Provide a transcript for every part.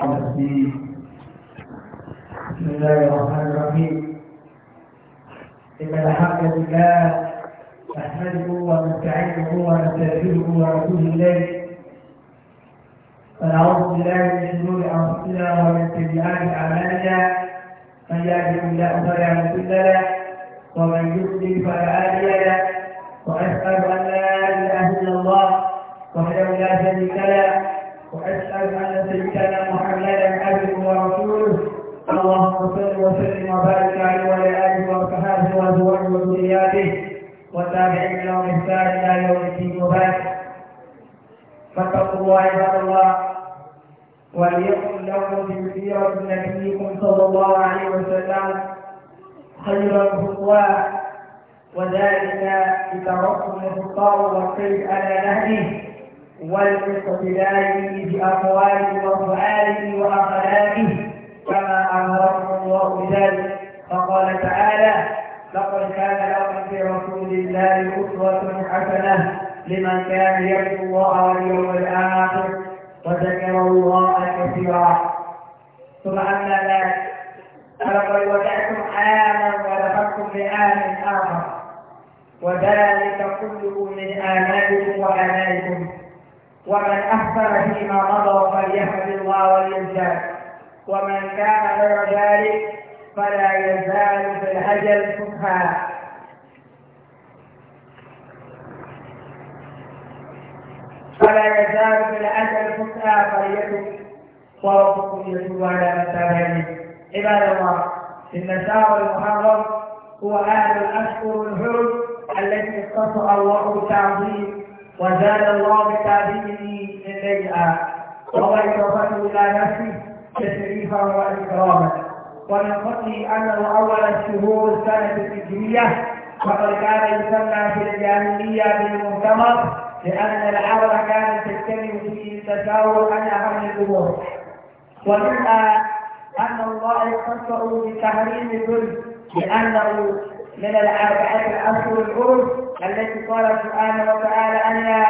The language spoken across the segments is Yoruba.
بسم الله الرحمن الرحيم إن الحمد لله نحمده ونستعينه ونستغفره ونتوب إليه ونعوذ بالله من شرور أنفسنا ومن سيئات أعمالنا من يهده الله فلا مضل له ومن يضلل فلا هادي له وأشهد أن لا إله إلا الله وحده لا شريك له وأشهد أن سيدنا محمدا عبده ورسوله اللهم صل وسلم وبارك عليه وعلى آله واصحابه وأزواجه وذرياته والتابعين لهم إحسان إلى يوم الدين وبعد فاتقوا الله عباد الله وليكن لكم بمسيرة نبيكم صلى الله عليه وسلم خير الخطوات وذلك بتركم الخطاب والسير على نهجه والاقتداء بأقواله وأفعاله وأخلاقه كما أمرهم الله بذلك فقال تعالى لقد كان لكم في رسول الله أسوة حسنة لمن كان يرجو الله واليوم الآخر وذكر الله كثيرا ثم أما ذلك فلقد ودعتم عاما ودخلتم بعام آخر وذلك كله من آمالكم وآمالكم ومن أحسن فيما مضى فليحمد الله وليزداد ومن كان غير ذلك فلا يزال في الهجل سبحا فلا يزال في الأجل سبحا فليكن وربكم يتوب على من تاب عباد الله إن الشهر المحرم هو أهل الأشهر الحرم التي اختصر الله تعظيم وزاد الله بتعليمه لشيئا وضعفته الى نفسه تشريفا واكراما ومن فضله انه اول الشهور السنه الهجريه وقد كان يسمى في الجاهليه بالمؤتمر لان العرب كانت تجتمع فيه التساور عن اهم الامور ومنها ان الله يقصر بتحريم الظلم لانه من الأربعة الأشهر الحرم التي قال سبحانه وتعالى أن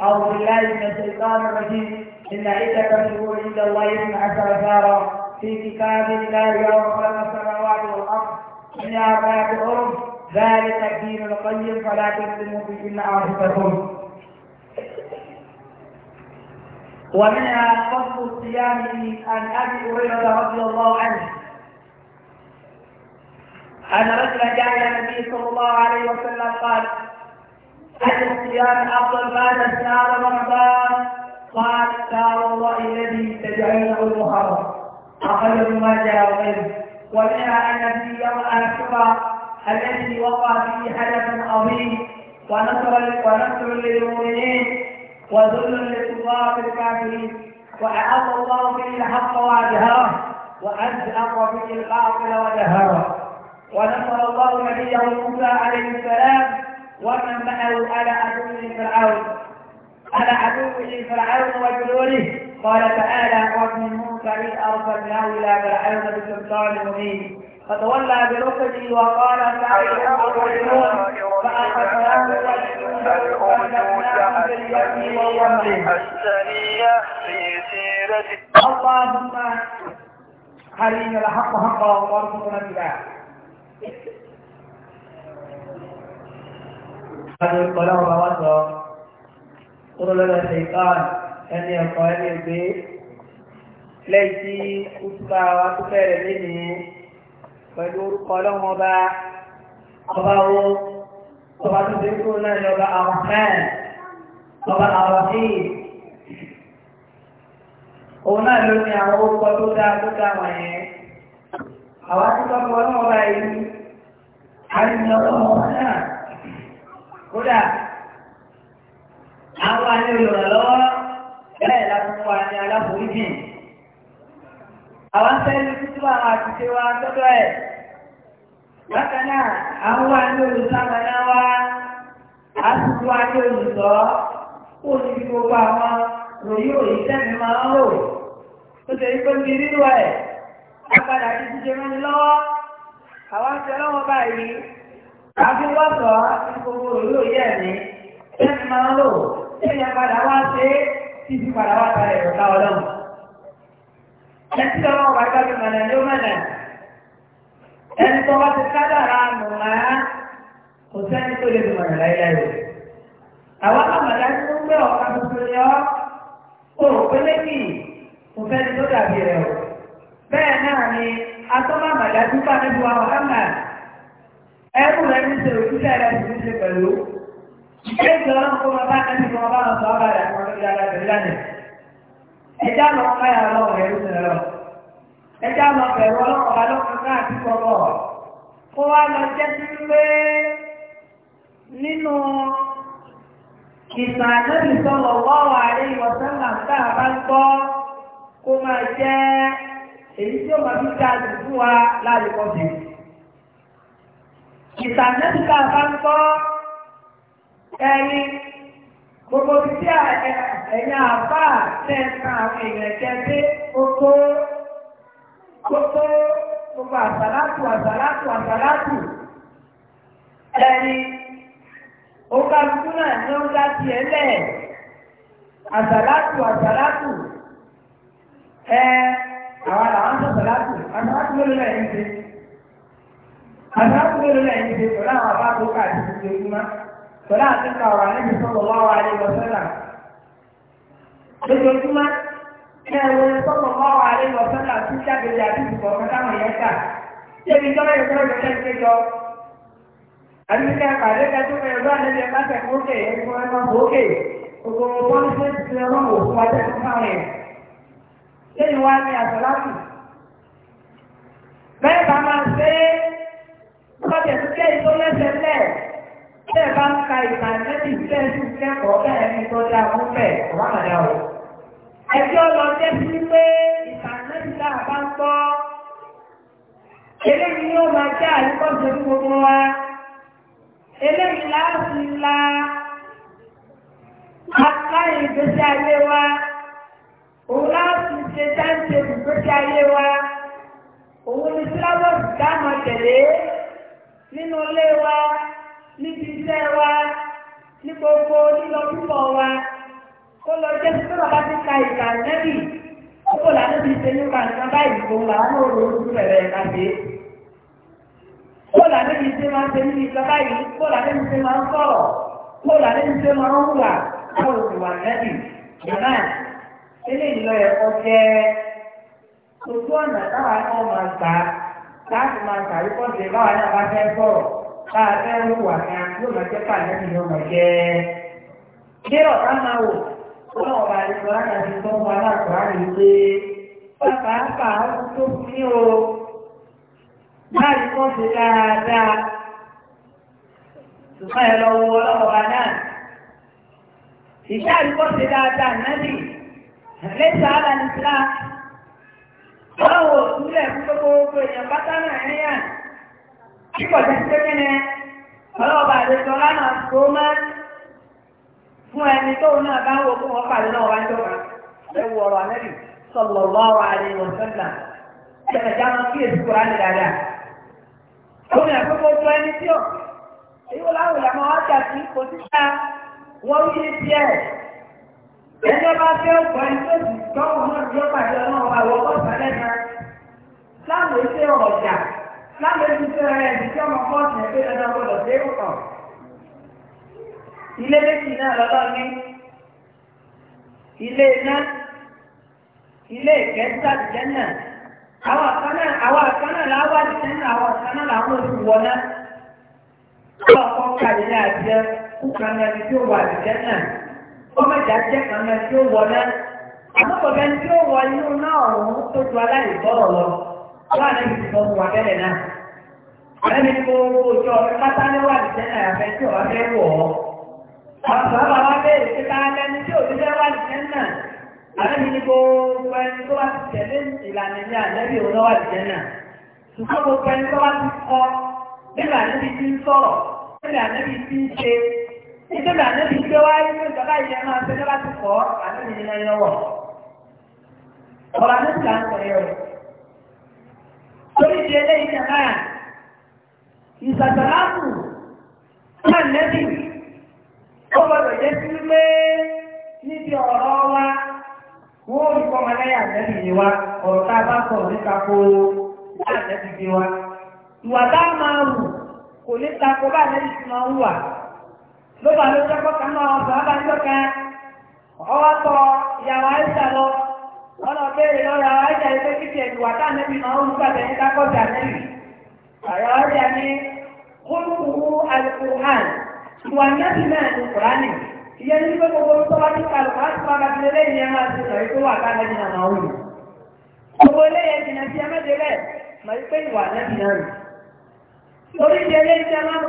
أعوذ بالله من الشيطان الرجيم إن عدة الشهور عند الله اثنا عشر شهرا في كتاب الله يوم خلق السماوات والأرض من أربعة حرم ذلك الدين القيم فلا تظلموا فيهن أنفسكم ومنها فصل الصيام عن أبي هريرة رضي الله عنه أن رجل جاء إلى النبي صلى الله عليه وسلم قال أي الصيام أفضل بعد شهر رمضان؟ قال قال والله الذي تجعله المحرم أقل ما جاء وغيره ومنها أن في يوم الكبرى الذي وقع فيه حدث عظيم ونصر ونصر للمؤمنين وذل للكفار الكافرين وأعطى الله به الحق وأجهره وأزهق به الباطل ودهره ونصر الله نبيه موسى عليه السلام ومن معه على عدوه فرعون على عدوه فرعون وجنوده قال تعالى ومن موسى إذ أرسلناه إلى فرعون بسلطان مبين فتولى برسله وقال تعالى فأخذناه السرية في سيرته اللهم حريم الحق حقا وارزقنا اتباعه Láti ọlọ́run bá wá sọ, ó lọ́lọ́ ṣe ìkáàn ẹni ẹ̀kọ́ ẹni ìgbé lẹ́yìn tí kúkúbá wa tó fẹ́rẹ̀ lénìí pẹ̀lú orúkọ ọlọ́run ọba ọba wo ọba tó ṣe kúrò náà ní ọba àwọn fẹ́ẹ̀ ọba àwọn fíì. Òun náà ló ní àwọn orúkọ tó dáa tó dáa wọ̀nyẹn àwọn akẹ́kọ̀ọ́ ọlọ́run ọba yìí àìsàn ọlọ́run ọba náà kódà àwọn àní olùrànlọ́wọ́ bẹ́ẹ̀ láti fún wa ní aláforíjì àwọn afẹ́lú títí wà àwọn àtúnṣe wa tọ́tọ́ ẹ̀ bákan náà àwọn àní olùsámaná wa á sì fún wa ní olùsọ́ kó o níbi gbogbo àwọn ròyìn òyìn sẹ́mi máa ń rò ó ṣe é pé mi ẹ̀ padà ti ti jẹun ní lọ́wọ́ àwọn ti ọlọ́wọ́ báyìí àfihàn àti gbogbo òlò yẹ mi sẹ́ni máa ń lò sẹ́ni padà wá ṣe é tí ti padà wá ta ẹ̀rọ ká ọlọ́run. ẹtí ọlọ́wọ́ bá gbàgbé mọ̀nà ló mọ̀nà ẹni tó bá ti kádàrá mọ̀nà kò sẹ́ni tó lè mọ̀nà láyé àwọn àmàlà tí ó ń gbé ọ̀ka tuntun yọ ó pélé kì í kò fẹ́ni tó dàbí rẹ̀ o bẹ́ẹ̀ náà ni atọ́mọ̀ màdájú bá níbi wa mọ̀hámà ẹ̀rù rẹ̀ ní ṣe òṣìṣẹ́ rẹ̀ sì ṣe pẹ̀lú. ìgbé ìjọba ń kó wọn bá níbi wọn bá wọn sọ ọ́bàdà àwọn ọmọdé ara rẹ̀ lánàá. ẹjá lọ káyà lọ ẹ̀rù sọ̀rọ̀. ẹjá lọ bẹ̀rù ọlọ́kọ̀ọ́ lọ́kùnrin náà ti kọ́kọ́. kó wá lọ jẹ́ sí pé ń gbọ́ kó máa jẹ́ èyí tí ó máa fi dá àjò fún wa láàyè kan sí. ìtànẹ́sìkà bá ń kọ́ ẹni gbogbo ti tí ẹ̀yìn àbá tẹ̀sán àwọn èèyàn kẹ́kẹ́ ó tó ó gbogbo àsálátù àsálátù àsálátù ẹni ó ká dúdú náà ní ó dá tiẹ̀ lẹ̀ àsálátù àsálátù. àkókò àti ìjọba pẹ̀lú àtúnkà ọ̀rọ̀ àníbi sọ̀rọ̀ wá wà ní ìwọ̀sánà. Lójoojúmọ́ ẹ wo sọ̀rọ̀ wá wà ní ìwọ̀sánà tí jáde àti ìbùkọ̀ kọ́tàmọ̀ yẹn kà. Débi tọ́lá yẹn kúrò lọ́jọ́ ìgbẹ́jọ́. Àdúgbò àpàdé kẹtù mẹ́rin bá níbi ẹ̀ka tẹ̀kọ́ òkè ẹ̀kọ́ ẹ̀kọ́ òkè. Ògbòmọ̀ pọ́ńsé ti ọlọ́run òkú atẹ́kùn náà rẹ̀. Lẹ́yìn wá ní àtọ̀lá Bọ́dẹ̀ tó jẹ́ ìtọ́ lẹ́sẹ̀ lẹ̀. Bẹ́ẹ̀ bá ń ka ìgbà méjì bẹ́ẹ̀ kẹ́kọ̀ọ́ bẹ́ẹ̀ ni tó dá fún bẹ́ẹ̀ wà màdá o. Ẹjọ́ lọ jẹ́ sí pé ìgbà méjì náà bá ń gbọ́. Eléyìí ni ó máa jẹ́ àríkọ́sẹ̀ fún gbogbo wa. Eléyìí láti la aláì ìgbésí ayé wa. Òun láti ṣe dáńtẹ̀ ìgbésí tẹ̀lé. nínú ilé wa níbi iṣẹ́ wa ní gbogbo lílọ púpọ̀ wa kó lọ jẹ́ sí tọ́lá bá ti ka ìgbà nẹ́bì ó kò lànà ṣe nípa nǹkan báyìí kò wà ní òru ojú bẹ̀rẹ̀ ìkàdé kó lànà ti ṣe máa ṣe níbi ìjọba yìí kó ṣe máa ń sọ̀rọ̀ kó ṣe máa ń kó wà ilé ìlọ ẹ̀kọ́ jẹ́ ojú ọ̀nà táwọn ọmọ àgbà láti máa tàbí pọ́ǹtì báwa náà bá fẹ́ bọ̀rọ̀ bá a fẹ́ ń wà ní yóò máa jẹ́ pàdé ní ọmọ jẹ́. Ṣé ọ̀tá máa wò ó náà bá lè sọ láti àti tó ń wá láàpọ̀ á rí pé bàbá bá a tó ní o láti pọ́ǹtì dáadáa. Ṣùgbọ́n ẹ lọ wo ọlọ́wọ́ba náà. Ìṣáà rí pọ́ǹtì dáadáa náà nì. Lẹ́sàá àlàní síláà. báwo ìpínlẹ̀ fún gbogbo èèyàn pátá náà ń yàn kí pọ̀jù ń pépé ni ọlọ́ọ̀bà àdéjọ lánàá tó máa fún ẹni tó náà bá fún wọn pàdé náà wájú ọ̀gá ẹ wọ ọ̀rọ̀ àlẹ́bí sọ̀lọ̀ lọ́wọ́ àlẹ́ sẹ́ńtà kí èsì kúrò ó ní gbogbo ẹni tí ó èyí wọ́n láwùjọ sí ẹjọ́ bá fẹ́ ọgbà ìtòsí tọ́wọ́ náà tí ó pàdé ọlọ́run àwọn ọgọ́ta lẹ́nu láwọn iṣẹ́ ọ̀jà láwọn iṣẹ́ rẹ̀ ìṣẹ́ ọmọ kọ́ọ̀tù ẹgbẹ́ dandan gbọdọ̀ dé ọ̀tọ̀. ilé méjì náà lọ́lọ́ ní ilé iná ilé ìkẹ́sà jẹ́nà àwọn àkan náà láwà jẹ́nà àwọn àkan náà làwọn oṣù wọná lọ́kọ́ kàdé náà tí ó wà jẹ́nà kọ́mẹ̀tì ajẹ́kan náà tí ó wọ náà àmọ́kọ̀ọ́gá tí ó wọ inú náà ọ̀hún tó ju aláìgbọ́rọ̀ lọ wọ́n àná ti sọ fún wa bẹ́ẹ̀ náà. àná ni kó ojú ọ̀rẹ́ pátá níwà nìjẹ́ náà yàfẹ́ tí ọ̀rẹ́ fẹ́ wọ̀ ọ́. àwọn bàbá wa béèrè pé ká lẹ́ni tí òbí fẹ́ wà nìjẹ́ náà. àná mi ni gbogbo ẹni tó wà ti tẹ̀lé ìlànà ní àlẹ́bí òun náà wà nìjẹ́ náà. ṣùgbọ́n gbogbo ẹni tó wà ti kọ́ nígbà níbi tí ń sọ̀rọ̀ nígbà níbi tí ń ṣe nítorí ànábi gbé wáyé ní ìjọba ìyẹn máa ṣe lọ́ba ti kọ́ ànábi ní ẹyọ wọ̀ ọ̀rọ̀ ànábi là ń sọ o wa ni wa a bá sọ̀rọ̀ níta kó náà nẹ́bì ni wa ìwà tá ma máa wù kò ní ta kó ló bá ló jẹ́ kọ́kà náà ọ̀sán abájọ́ kan ọwọ́ tọ ìyàwó àìsà lọ lọ́nà béèrè lọ́ra àìsà yìí pé kíkì ẹ̀dùn wà táà níbi máa ń gbàgbé ní kákọ́jà níbi. àyà ọ̀rẹ́ àmì kúlùkùrù alukur'an ìwà nẹ́bí náà ní kùránì ìyẹn ní pé gbogbo tó wá ní kàlùkù láti máa bàbí lé lẹ́yìn ẹ̀ máa ti sọ èyí tó wà ká lẹ́yìn àwọn òun. gbogbo eléyẹn jìnnà sí ẹmẹ́dẹ bẹ́ẹ̀ mọ̀ wípé ìwà nẹ́bí náà nì. torí ti eléyìí tí a máa mú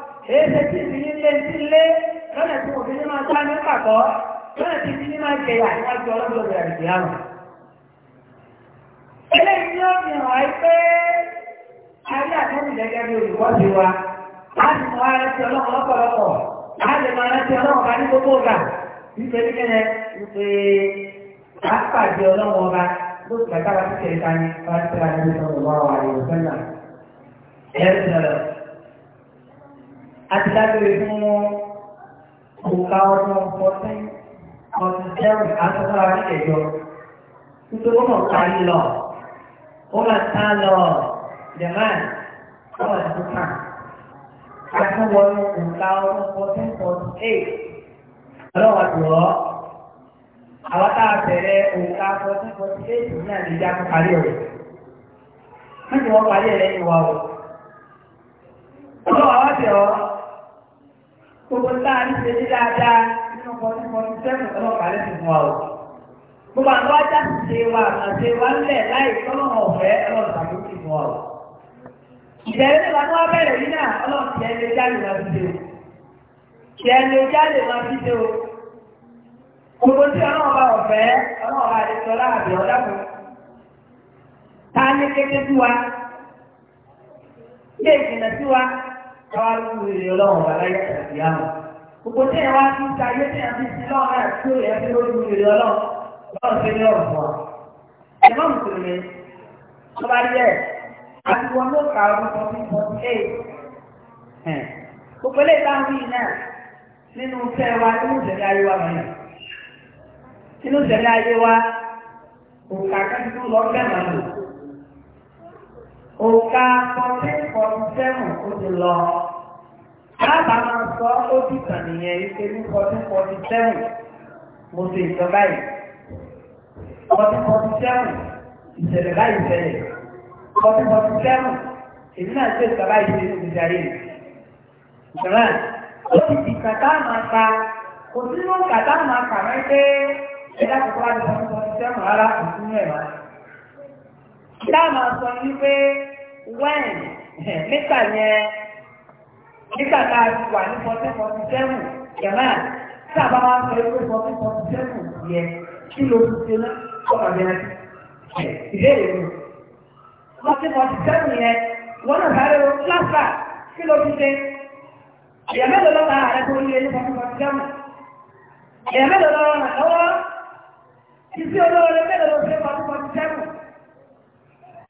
èéṣe ti ní lé sí lé lọ́nà tí òfin ní máa dá ní pàkọ́ lọ́nà tí ti ní máa jẹyà níwájú ọlọ́dún ọ̀gbìn àgbègbè àrùn. eléyìí ni ó fi hàn pé ayé àtẹ́yìn gẹ́gẹ́ bí olùkọ́sí wa láti mọ ara ti ọlọ́run lọ́pọ̀lọpọ̀ láti mọ ara ti ọlọ́run ní gbogbo ọ̀gà wípé ní ìṣòro wà wà àti dágbére fún òkà ọdún fourteen forty seven asọ́sọ́ra ní ẹ̀jọ́ nítorí ó máa ta yín lọ ó máa ta lọ jẹ̀mán ó máa tó kàn àtúwọ̀nù òkà ọdún fourteen forty eight ọlọ́wà jùlọ àwọn tá a bẹ̀rẹ̀ òkà fourteen forty eight ní àdìjá tó parí ọ̀rẹ́ wọ́n ti parí ẹ̀rẹ́ ìwà ọ̀rọ̀ ọlọ́wà wá bẹ̀ ọ́ gbogbo táà ní ṣe ní dáadáa nínú kọ́ni kọ́ni sẹ́kù ọlọ́pàá lè fi mọ́ ọ. gbogbo àwọn ajá ṣe wa àmà ṣe wa ńlẹ̀ láì tọ́lọ́ ọ̀fẹ́ ọlọ́pàá ló fi mọ́ ìbẹ̀rẹ̀ ní wa ní wọ́n bẹ̀rẹ̀ yín náà ọlọ́pàá ẹni jáde wá fi ṣe o. ìyẹn jáde wá fi gbogbo tí ọlọ́pàá ọ̀fẹ́ ọlọ́pàá lè sọ láàbì ọ̀dà ta ní kété sí wa? ilé ìgbìmọ̀ sí wa? káwá lórí ìrírí ọlọ́run bàbá yẹ àti àmọ́. Gbogbo tí ẹ wá sí ta ayé tí a fi sí lọ́wọ́ náà tó yẹ kí lórí ìrírí ọlọ́run lọ́wọ́ sí ní ọ̀rọ̀ wọn. Ẹ má mùsùlùmí, wọ́n bá yẹ àti wọn ló kà ọdún fourteen forty eight. Gbogbo ilé ìta ń bí náà nínú fẹ́ wa nínú ìṣẹ̀lẹ̀ ayé wa mọ̀nà. Nínú ìṣẹ̀lẹ̀ ayé wa, òkà kẹ́kọ̀ọ́ lọ fẹ́ mọ̀nà òǹkà fourteen forty seven ó ti lọ alábà máa sọ ó ti tàn nìyẹn ike ní fourteen forty seven mo ṣe ìjọba yìí fourteen forty seven ìṣẹ̀lẹ̀ báyìí ṣẹlẹ̀ fourteen forty seven èmi náà ṣe ìjọba yìí ṣe ìṣẹ̀lẹ̀ ìṣẹ̀lẹ̀ ìṣẹ̀lẹ̀ ó ti di kàtá máa ta kò sínú kàtá máa kà mẹ́ pé ẹ̀dá kòkó láti fourteen forty seven rárá kò sínú ẹ̀ máa. Ìdá máa sọ pé. when nígbà yẹn nígbà tá a wà ní fourteen forty seven yàrá sábà wà sọ pé fourteen forty seven yẹ kí ló ti ṣe náà ọ̀rọ̀ yẹn ìbéèrè mi fourteen forty seven yẹn wọ́n náà sáré o láfà kí ló ti ṣe ẹ̀yà mélòó lọ́wọ́ ààrẹ tó yẹ ní fourteen forty seven ẹ̀yà mélòó forty seven.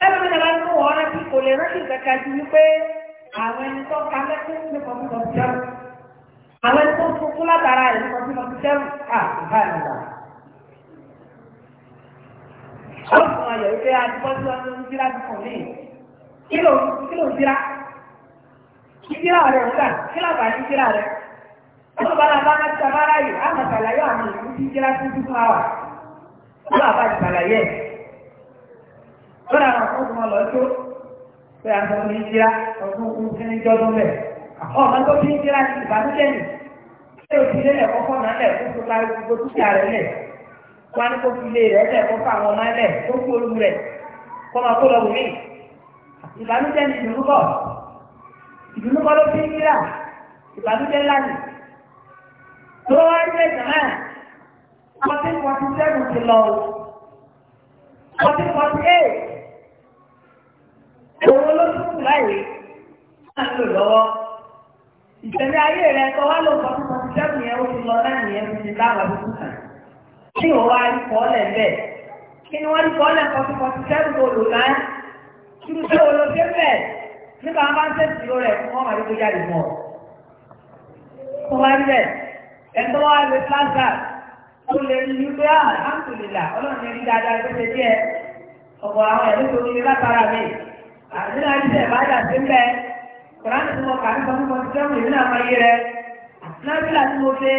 ẹgbẹ́ mi náà bá tún wọ́n rántí kò lè rántí kankan ju wípé àwọn ẹni tó ka lẹ́kún ní kọfí kọfí sẹ́wù àwọn ẹni tó kúkú látara ẹ̀ ní kọfí kọfí sẹ́wù à ìbá ẹ̀ nígbà. ó sùn ayọ̀ wípé adúgbòsí ọdún ń jíra dùn mí kí ló ń jíra kí jíra rẹ̀ ń gbà kí làbà ń jíra rẹ̀ ọdún bá náà bá náà ti abára yìí àmọ̀ sàlàyé àwọn ìlú ti jíra tó dúró àwà ó lọ́dà àwọn fún ọmọ lọ pé àwọn ọmọ yìí jíra ọdún kún sí ní jọ́dún lẹ̀ ọmọ tó fi jíra ti ìbànújẹ́ nì ṣé o ti lé lẹ̀ kọ́kọ́ náà lẹ̀ kó tó parí gbogbo dúkìá rẹ̀ lẹ̀ wá ní kó fi lé rẹ̀ lẹ̀ kó fà wọn náà lẹ̀ kó kú olú rẹ̀ kó máa kó lọ wù mí ìbànújẹ́ ni ìdùnnú kọ́ ló fi jíra ìbànújẹ́ ńlá nì tó wá ń lẹ̀ jàmá fourteen forty ti òun ló tún láyé máa lò lọ́wọ́ ìṣẹ̀lẹ̀ ayé rẹ̀ kọ́ wá ló fọ́n fọ́n sẹ́kùn yẹn ó ti lọ náà nìyẹn ti ti dáwà tó kùtà kí wọ́n wá rí kọ́ọ̀lẹ̀ bẹ́ẹ̀ kí ni wọ́n rí kọ́ọ̀lẹ̀ fọ́n fọ́n sẹ́kùn tó lò náà kí ló fẹ́ wo ló fẹ́ bẹ́ẹ̀ nígbà wọn bá ń tẹ̀sí ló rẹ̀ fún ọmọ àdúgbò jáde mọ́ kó wá rí bẹ́ẹ̀ ẹ̀tọ́ wá lè plaza ó lè rí ní pé ah, alhamdulillah ọlọ́run ní àdúrà ti tẹ̀ báyà sí ń bẹ́ kùránì tí mo kà ń sọ fún mi tí wọ́n ìrìnà máa yé rẹ nábìlà tí mo ṣe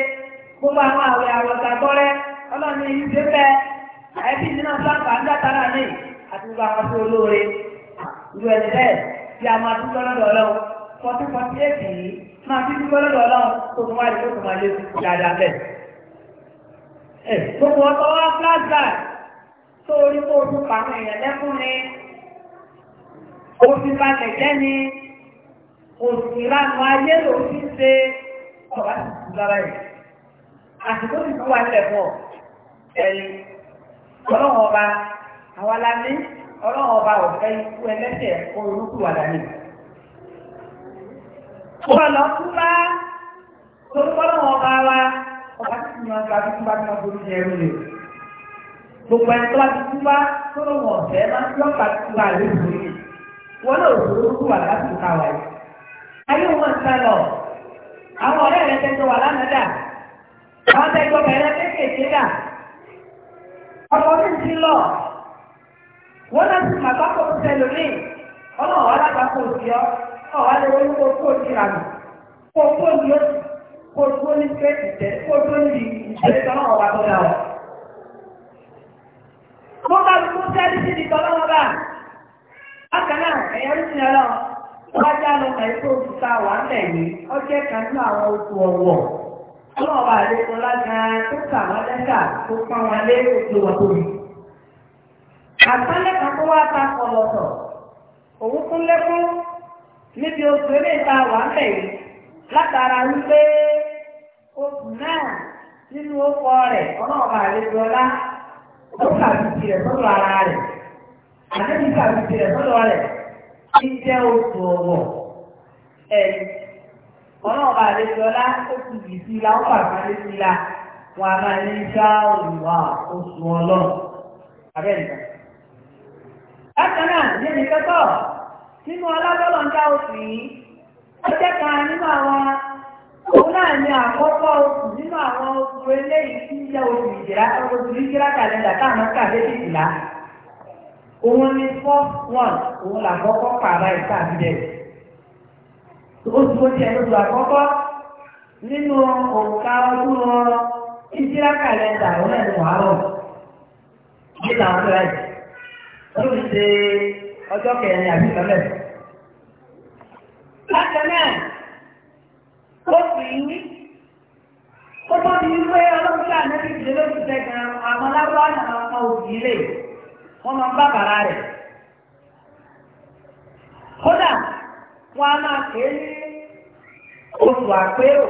gbogbo àwọn àwẹ̀ àwọ̀ta gbọ́rẹ́ ọlọ́run yìí ṣe bẹ́ ẹbí ìdí náà sáà kà ń dá tara ní àti gbogbo àwọn tó olóore ìlú ẹni bẹ́ẹ̀ bí a máa dúpẹ́ lọ́dọ̀ ọlọ́run fọtí fọtí èkì yìí máa fi dúpẹ́ lọ́dọ̀ ọlọ́run tó tó wá ni òfìfà kẹ̀kẹ́ ni òsìlànà ayé ló fi ń ṣe ọ̀rá tuntun lára yìí àsìkò tí wọ́n wá lẹ̀fọ́ ẹ̀yìn ọlọ́run ọba àwọn alámi ọlọ́run ọba ọ̀fẹ́ ikú ẹlẹ́sẹ̀ orúkú àdáni. wọ́n lọ kú bá torí ọlọ́run ọba wa ọba tí mo máa ń gba tó kú bá tó máa borí ní ẹrú rẹ̀. gbogbo ẹni tó bá ti kú bá tó lóun ọ̀fẹ́ máa ń yọ̀ọ̀ka tó kú bá lóun rẹ̀ wọn náà ló kú wà lásìkò káwa yìí. ayé wọn ń sá lọ àwọn ọ̀rẹ́ rẹ tẹ́tọ́ wà lánàá dà àwọn tẹ́tọ́ bẹ̀rẹ̀ kéékèèké dà ọkọ̀ mi ti lọ wọn náà sì máa bá kó o sẹ́lò ní ọlọ́wọ́ alábàákò sí ọ ọ̀wá lè wọ́n kó kó o ti rà nù kó o kó o ní kó o tó ní kéèkì tẹ kó o tó ní ìṣẹ̀lẹ̀ tọ́lá ọ̀wá tó dà ọ́. mo bá bákan náà ẹ̀yọ́ ní sinmi wá já lọ mọ̀ ẹ́ wà ń ó jẹ́ kan àwọn oṣù ọlọ́ọ̀bà tó kà wọ́n tó wọn àtàlẹ́ kan tó wá ta òun kún lẹ́kún níbi na ká fi tẹ̀lé sọ́dọ̀ rẹ̀ kí jẹ́ oṣù ọ̀wọ̀ ẹ̀ ọlọ́ọ̀bà àdéjọ́lá ó ti yìí la ó pàṣẹ lé sí la wọn a máa ní oṣù ọlọ́run bákan náà ní ẹni kẹ́kọ̀ọ́ nínú ń dá oṣù yìí ó nínú àwọn òun náà ní àkọ́kọ́ oṣù nínú àwọn oṣù eléyìí tí ń òun ní first one òun là kọ́kọ́ pààrà ìta àbílẹ̀ oṣù tó tiẹ̀ àkọ́kọ́ nínú òǹkà ọdún ọrọ̀ ìdílá òun ẹ̀dùn ní làwọn ṣe ọjọ́ kẹrin ìtọ́lẹ̀. láti ó fi ní ó di wípé wọ́n máa ń bá bàrà rẹ̀ kódà wọ́n á máa pè é ní oṣù àpérò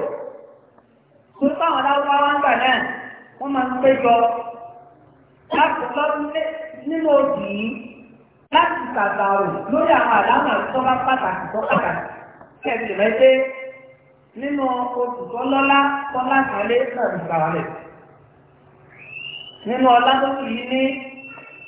tó táwọn láwùjáwá ń gbà náà wọ́n máa ń péjọ láti lọ́dún nínú oṣù yìí láti ṣàgbàrò lórí àwọn àdámọ̀ tó bá pàtàkì tó pàtàkì kẹ́ẹ̀sì rẹ̀ dé nínú oṣù tó lọ́lá tó láti alẹ́ náà ń gbà wálẹ̀ nínú ọlá tó kù yìí ní.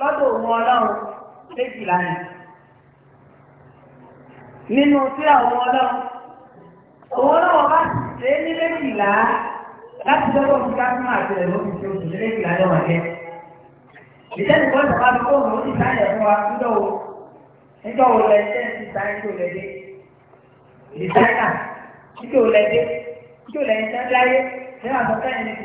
lọ́dọ̀ òun ọlọ́run méjìlá ni nínú tí àwọn ọlọ́run òun ọlọ́run bá ṣe ní méjìlá láti lọ́wọ́ fi ká fún àtẹ̀lẹ̀ lórí tí oṣù méjìlá lọ́wọ́ jẹ́ ìṣẹ́ni kan tó bá fi kóòrò ó ti fún wa wo wo lẹ ti lẹ dé lẹ dé lẹ láyé ní ti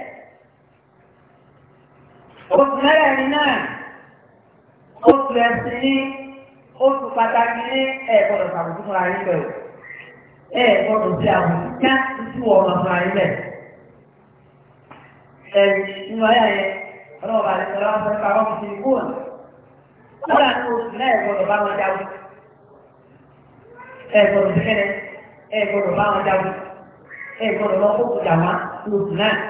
oṣù mẹ́rẹ̀ẹ̀rin náà oṣù ẹ̀sìn ní oṣù pàtàkì ní ẹ̀ gbọ́dọ̀ ṣàbùkù fúnra yín bẹ̀rù ẹ̀ gbọ́dọ̀ ṣe àbùkù ká ìṣú ọ̀nà fúnra yín bẹ̀rù. ẹ̀rì nínú ayé ayẹ ọlọ́wọ́ bá lẹ́sẹ̀ lọ́wọ́ fẹ́ parọ́ fi ṣe kúrò ní. kódà ní oṣù náà ẹ̀ gbọ́dọ̀ bá wọn jáwé ẹ̀ gbọ́dọ̀ ṣẹ́kẹ́rẹ́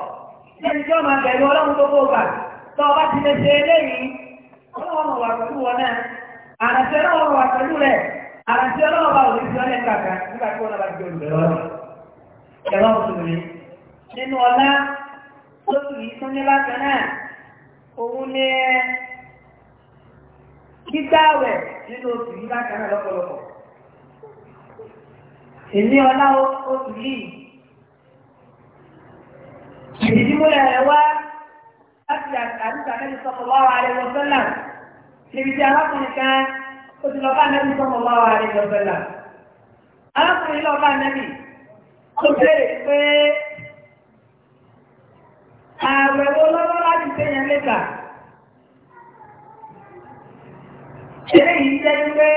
lẹ́ni tí ó máa bẹ̀rù ọlọ́run tó gbà tó ọba ti lè ṣe eléyìí ọlọ́run wà pẹ̀lú wọn náà àràṣẹ ọlọ́run wà pẹ̀lú rẹ̀ àràṣẹ ọlọ́run bá òbí sọ́lẹ̀ kàkà nígbà tí wọ́n bá ti gbẹ̀rù rẹ̀ ọ̀rọ̀ ẹ̀rọ òṣèlú nínú ọlá tó sì yí tún ní bákan náà òun ní gbígbáwẹ̀ nínú oṣù yí bákan náà lọ́pọ̀lọpọ̀ èmi ọlá oṣù yìí ìdímúlẹ̀ rẹ̀ wá láti àdúgbà mẹ́rin sọ́kọ̀ wá wa rẹ̀ wọ́sọ́là níbi tí arákùnrin kan ó ti lọ́ọ́ bá mẹ́rin sọ́kọ̀ wá wa rẹ̀ wọ́sọ́là. arákùnrin lọ́ọ́ bá mẹ́rin tó béèrè pé ààrẹ wo lọ́wọ́ láti sẹ́yìn lẹ́gbà. eléyìí jẹ́ pé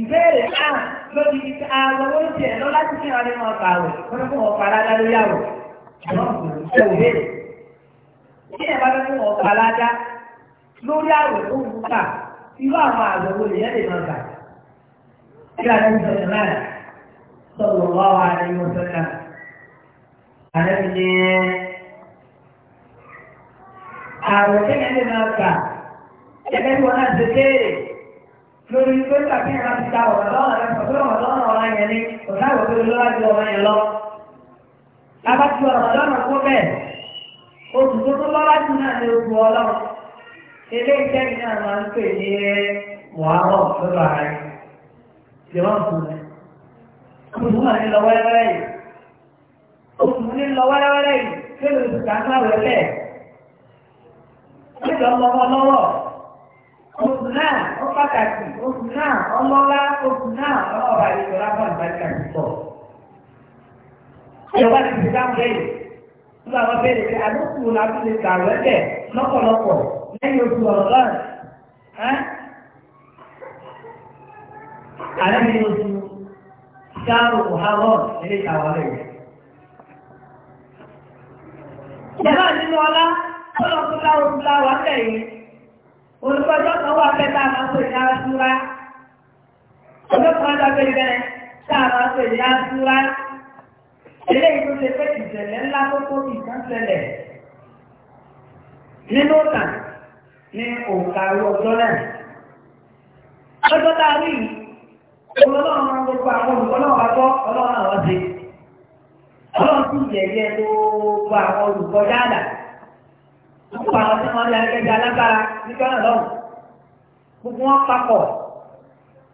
ìbéèrè náà ló di ààrẹ wo láti fi hàn nínú rẹ̀ fún ọ̀pá rárá lórí ṣe lórí àwẹ̀ tó ń kà irú àwọn àgbẹ̀ wo lè máa gbà. Bí a ti ń sọ̀rọ̀ náà sọ̀rọ̀ wá wa ní ìwọ̀n sọ́jà. Àlẹ́ mi ní àwẹ̀ kéèyàn lè máa gbà. Ẹgbẹ́ tí náà ṣe kéèrè lórí pé tàbí ìrántí ta ọ̀rọ̀ lọ́wọ́ rẹ̀ pẹ̀lú lọ́wọ́ ọ̀rọ̀ yẹn ní ọ̀sán ìwọ̀n tó lọ́wọ́ lábá tí ọ̀rọ̀ kó bẹ́ẹ̀ oṣù tó tó lọ́lá náà ni oṣù ọlọ́run eléyìí tẹ́lẹ̀ náà máa ń pè ní wàhálà lọ́dọ̀ ara rẹ̀ ìrọ̀rùn fún mi. oṣù náà ní lọ wẹ́rẹ́wẹ́rẹ́ yìí ní lọ wẹ́rẹ́wẹ́rẹ́ yìí lọ́wọ́ náà ó pàtàkì náà ìjọba ti ti dáhùn lẹ́yìn nígbà wọn bẹ̀rẹ̀ pé àlùkù làbí lè gbà wẹ́lẹ̀ lọ́pọ̀lọpọ̀ lẹ́yìn oṣù ọ̀rọ̀ náà àlẹ́ mi oṣù sáàrù muhammed ilé ìtàwọn lẹ́yìn. ìjọba nínú ọlá tọ́lọ̀ tó láwọn tó láwọn lẹ́yìn olùkọ́jọ́ kan wà fẹ́ tá a máa ń pè ní asúra ọjọ́ kan dábẹ́ bẹ́ẹ̀ tá a máa pè ní asúra. eléyìí tó ṣe pé ìṣẹ̀lẹ̀ ńlá tó tóbi kan ṣẹlẹ̀ nínú ọ̀tà ní ọjọ́ náà lọ́jọ́ tá rí ọlọ́run máa ń gbogbo àwọn olùkọ́lọ́wọ́ akọ́ ọlọ́run àwọn ṣe ọlọ́run sì yẹ̀yẹ́ gbogbo àwọn olùkọ́ dáadáa gbogbo àwọn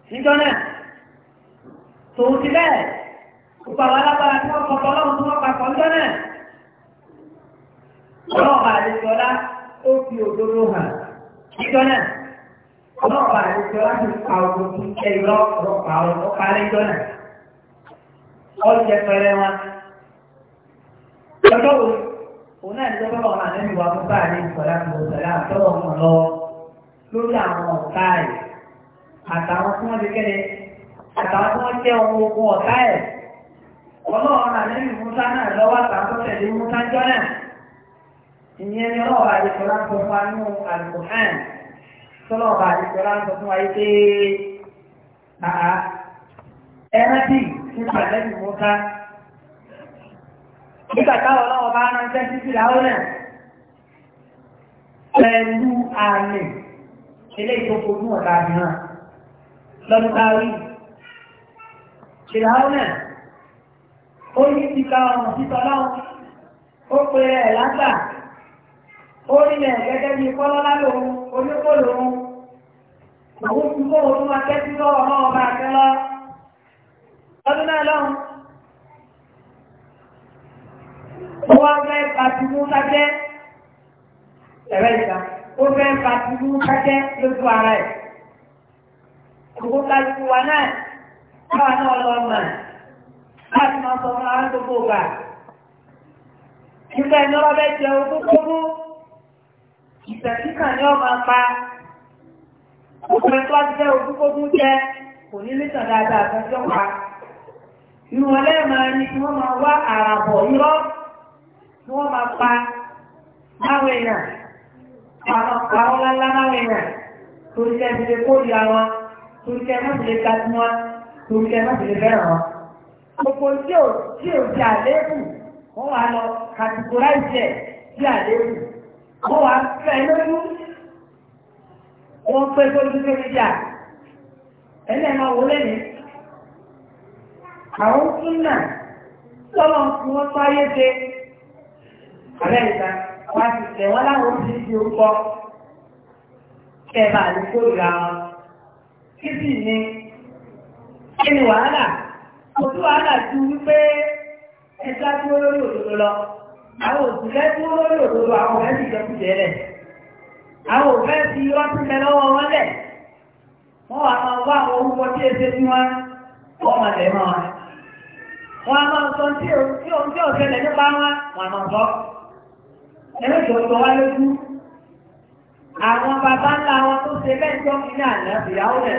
tí wọ́n Gbogbo àwọn alágbára tí wọ́n kọ̀ọ̀kan lọ́rùn tí wọ́n papọ̀ ń dọ́nà. Ọlọ́ọ̀bà àdéjọ́lá ó fi òdodo hàn níjọ́ náà. Ọlọ́ọ̀bà àdéjọ́lá ti pa ogun tó ń jẹ́ irọ́ ọ̀pá ọ̀pá lẹ́jọ́ náà. Ọ̀jẹ̀ pẹrẹ wọn. Ọjọ́ wo òun náà níjọ́ bọ́lá ọ̀nà lẹ́nu ìwà fún báyìí ìsọ̀lá kò sọ̀lá àtọ́wọ̀ wọn lọ lórí àwọn ọ̀tá ẹ̀ àtàwọn tí wọ́n ti kẹ́ni àtàwọn tí wọ́n jẹ́ ọmọ ogun ọ̀tá ẹ̀ ọlọ́run àlẹ́bí musa náà lọ́wọ́ àtàkọ́ tẹ̀lé musa jọ́nà ìyẹn ni ọlọ́run àdìsọ́lá ń sọ fún wa nínú àlùkùnrin tọ́lọ́run àdìsọ́lá ń sọ fún wa yìí pé àá ẹrántí nípa àlẹ́bí musa nígbà táwọn ọlọ́run bá rán iṣẹ́ títí làwọn náà pẹ̀lú àmì eléyìí tó fojú ọ̀dà mìíràn lọ́dún táwí ìlàwọ́ náà ó ní títa ọ̀nà títa láwọn ó pe ẹ̀ lágbà ó nílẹ̀ gẹ́gẹ́ bí kọ́lọ́lá lòun oníkó lòun òun fi kó òun máa tẹ́sí lọ́wọ́ ọmọ ọba àti lọ lọ́dún náà lọ́hùn. ó wá fẹ́ pàtí mú sájẹ́ ẹ̀rẹ́ ìta ó fẹ́ pàtí mú sájẹ́ lójú ara ẹ̀. òun kájú wa náà báwa náà lọ́ọ́ láti máa sọ fún àwọn gbogbo gbà nígbà ẹni wọn bẹ jẹ owó gbogbo ìtẹ̀síkà ni wọn máa pa gbogbo ẹni tó wá ti jẹ owó gbogbo jẹ kò ní lè tàn dáadáa àtọ́jọ́ pa ìwọ̀n lẹ́ẹ̀mọ́ ni kí wọ́n máa wá àràbọ̀ irọ́ kí wọ́n máa pa máwọn èèyàn àwọn àwọn lálá máwọn èèyàn torí kẹ́ẹ̀ ti lè kórìíra wọn torí kẹ́ẹ̀ má ti lè ta sí wọn torí kẹ́ẹ̀ má ti lè fẹ́ràn wọn. gbogbo tí o tí ò ti àléébù wọ́n wá lọ categorize ẹ̀ àléébù wọ́n wá fẹ́ lóyún wọ́n pé lójú tó ní jà ẹni ẹ̀ máa wò lẹ́nu àwọn súnà lọ́wọ́ tí wọ́n tó ayé ṣe àbẹ́ ìta wọ́n ti tẹ̀ wọ́n láwọn oríṣiríṣi orúkọ ni kí ni wàhálà. kò tó wàhálà ju wípé tí ó lórí òdodo lọ àwọn òṣìṣẹ́ dúró lórí òdodo àwọn ọ̀rẹ́ sì jẹ́kù jẹ́ àwọn òfẹ́ fi rọ́ọ̀tì lọ́wọ́ wọn lẹ̀ wọ́n wà máa wá àwọn wọ́n wọn. tí wọn wọ́n wọn rẹ̀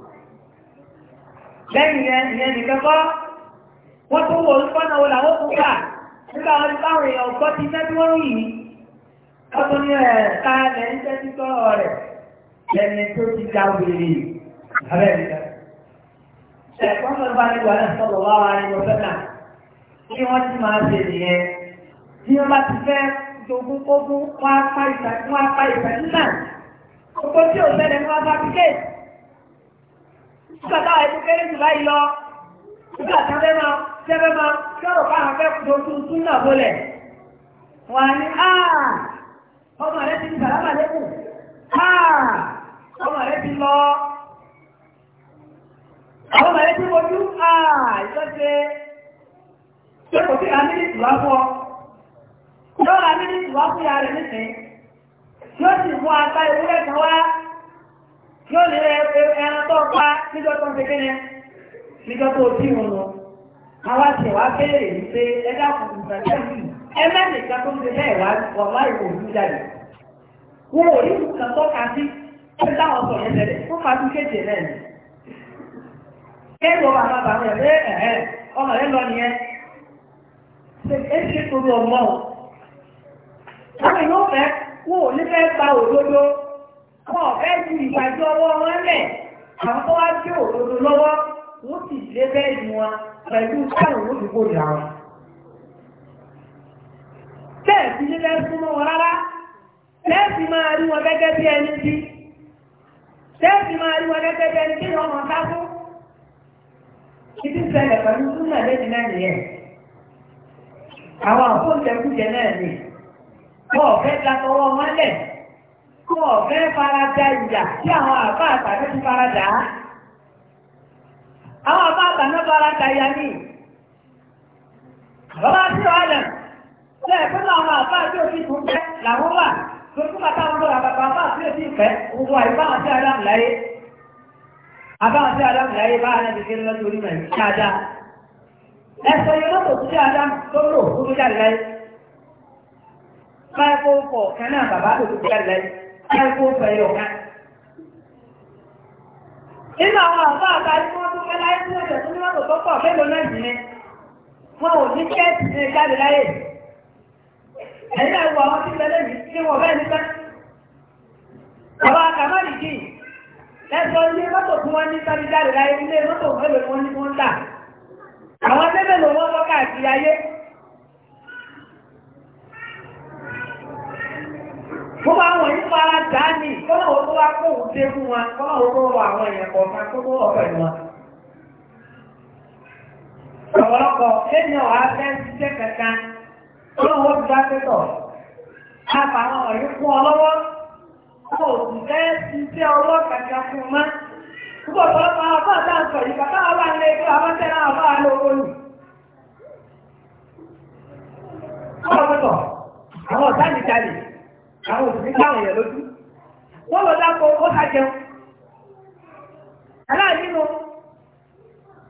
lẹ́yìn ìyẹn nìkan kọ́ wọ́n tó wọ̀ olùkọ́nà wo làwọn tó gbà nígbà wọn nípa àwọn èèyàn ọ̀gbọ́n ti fẹ́ bí wọ́n rìn yìí wọ́n tó ní ẹ̀ ká lẹ̀ ń tẹ́ títọ́ rẹ̀ lẹ́ni tó ti ga wèrè abẹ́ mi kan. ṣẹ̀kọ́n ló bá nígbà náà sọ̀rọ̀ wá wa ní ọ̀fẹ́ náà kí wọ́n ti máa ṣe nìyẹn bí wọ́n bá ti fẹ́ nígbà táwọn kéré jù láì lọ nígbà tábẹ́ máa tẹ́bẹ́ máa sọ̀rọ̀ káwọn fẹ́ dojú súnà wà ní ọmọ rẹ ti sàlámà lẹ́kùn ọmọ rẹ ti lọ ọmọ rẹ ti wojú ìjọ́sẹ̀ pé kò sí yóò ní ẹran tó pa níjọ́ tó ń ṣe kéne níjọ́ tó bí wọn lọ ìgbà nìkan tó ń wà láì wò ó jáde wọn ò rí nǹkan tó kà sí ó ń dáhùn sọ̀rọ̀ ẹsẹ̀ rẹ̀ ó máa tún kéde kéde ọmọ lọ nìyẹn ṣe é ṣe wọn yóò wọn ọ̀fẹ́ ju ìgbàjọ ọwọ́ wọn lẹ̀ àwọn tó wá tí òdodo lọ́wọ́ wọ́n sì lé bẹ́ẹ̀ ni wọn pẹ̀lú táwọn olùdókòwò ìlà wọn. bẹ́ẹ̀ sì ní bẹ́ẹ̀ súnmọ́ wọn rárá bẹ́ẹ̀ sì máa rí wọn gẹ́gẹ́ bí ẹni bí bẹ́ẹ̀ sì máa rí wọn gẹ́gẹ́ bí ẹni bí wọ́n mọ̀ ká fún. ibi ṣẹlẹ̀ pẹ̀lú súnmọ́ lẹ́yìn náà nìyẹn. àwọn àpò ìjẹkújẹ náà ni wọn ọ̀fẹ́ kó ọ̀fẹ́ faraja ìyà tí àwọn àbá àtàlẹ́ ti faraja. Àwọn àbá àtàlẹ́ faraja ìyà ní. Bàbá sí ọ̀nà, ṣe ẹ̀fẹ́ náà àwọn àbá àti òfin kò fẹ́ làwọn wà. Gbogbo bàtà wọn lọ́ra bàbá àbá àti òfin ìfẹ́, gbogbo àyíká àti aláàmìláyé. Àbá àti aláàmìláyé bá ara ti kéré lọ́dún onímọ̀ yìí dáadáa. Ẹ̀sọ̀ yìí lọ́pọ̀ sí Adam tó lò ó tó jáde láyé. Báyọ̀ kó pọ̀ kan náà bàbá tó tó jáde láyé ẹ̀kú pẹ̀lú ọ̀gá. Nínú àwọn àbá àbá tí wọ́n tún fẹ́ láyé tí wọ́n tẹ̀sí níwọ̀n tó tọ́pọ̀ mélòó náà jì ní. Wọn ò ní kẹ́ẹ̀tì ní jáde láyé. Ẹ̀yìn náà wọ àwọn tí bẹ́lẹ̀ yìí tí wọ́n bẹ́ẹ̀ nípa. Bàbá Kàmáàlì kì í. Ẹ̀sọ́ ilé mọ́tò tí wọ́n ní sáré jáde láyé ilé mọ́tò mélòó ni wọ́n ní wọ́n ń tà. Àwọn tó bá wọn yípa dání kọ́láwọ́ tó bá kó òun dé fún wa kọ́láwọ́ tó wọ àwọn èèyàn kọ̀ọ̀kan tó tó wọn. ọ̀pọ̀lọpọ̀ fẹ́ ṣiṣẹ́ kọ́láwọ́ ti fún ọ lọ́wọ́ kó fẹ́ ṣiṣẹ́ ọwọ́ fún mọ́. púpọ̀ ọ̀pọ̀lọpọ̀ àwọn yìí lé àwọn òṣìṣẹ́ pààrọ̀ yẹn lójú wọ́n lọ dáko ó ta jẹun aláàbí nu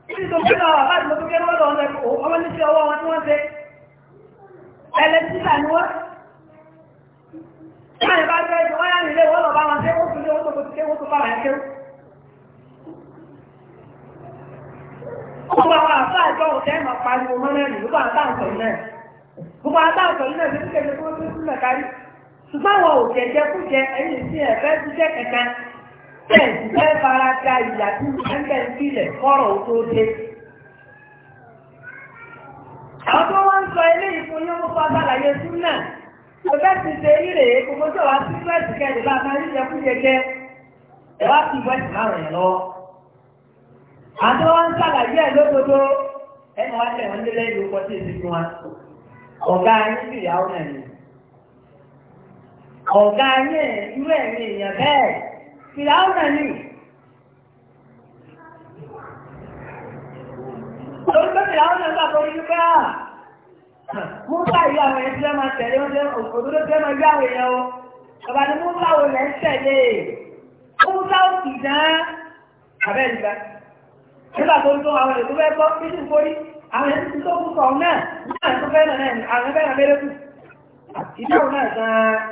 títí tó gbé náà bá tó gbé lọ́dọ̀ ọ̀nà ọmọ ní sí ọwọ́ wọn tí wọ́n ṣe ẹlẹ́tíṣà ni wọ́n bá wọ́n yá nílé wọ́n lọ bá wọn ṣùgbọ́n àwọn òjẹ̀jẹ̀ kújẹ ẹ̀yìn sí ẹ̀fẹ́ ṣiṣẹ́ kankan tẹ̀ ṣiṣẹ́ fara da ìyà tí ẹ̀ńtẹ̀ ń filẹ̀ kọ́rọ̀ tó dé. àwọn tó ń sọ ilé ìfún yóò fọ́ ti ṣe gbogbo tó wá sí fẹ́ẹ̀sì kẹ́lẹ̀ bá máa wá sí ìwé lọ. ń ẹ̀ lódodo ẹnu ọ̀gá ayé irú ẹ̀mí èèyàn bẹ́ẹ̀ fìlàúnà ní lórí pé ah, wo lẹ́ ń tẹ̀lé mú ó sì dán abẹ́ ìgbà nígbà tó ń tó àwọn èèyàn tó fẹ́ gbọ́ forí àwọn èèyàn tó kú sọ̀rọ̀ náà náà tó fẹ́ nà náà àwọn ẹgbẹ́ náà mẹ́rẹ́kù náà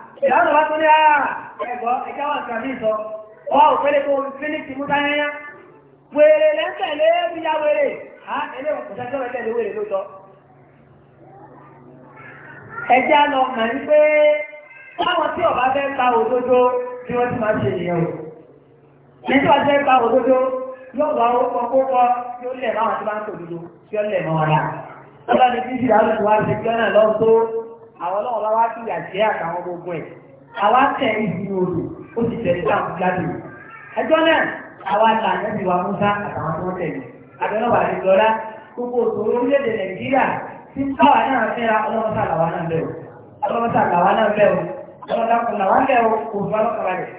ìlànà ah, lọ mọ̀ pé báwọn tí ọba fẹ́ ta òdodo bí wọ́n ti máa ṣe nìyẹn o nítorí wọ́n fẹ́ ta òdodo yóò wá owó kan kó kọ́ yóò lẹ̀ máa ti máa ń tòdodo yóò lẹ̀ mọ́ wọn ọlọ́ni àwọn ọlọ́run láwá sí ìyàjẹ́ àtàwọn gbogbo ẹ̀ àwa tẹ̀ ìdí odò ó ti tẹ̀lé táwọn jáde ẹjọ́ náà àwa ta àyẹ̀bí wa mú sá àtàwọn tó ń tẹ̀lé àbẹ̀lọ́wà lè lọ́lá gbogbo òṣòro orílẹ̀-èdè nàìjíríà tí táwa náà fẹ́ra ọlọ́mọta làwa náà bẹ̀ o ọlọ́mọta làwa náà bẹ̀ o ọlọ́dàkùn làwa bẹ̀ o òṣùwà lọ́kọ̀ọ́lẹ̀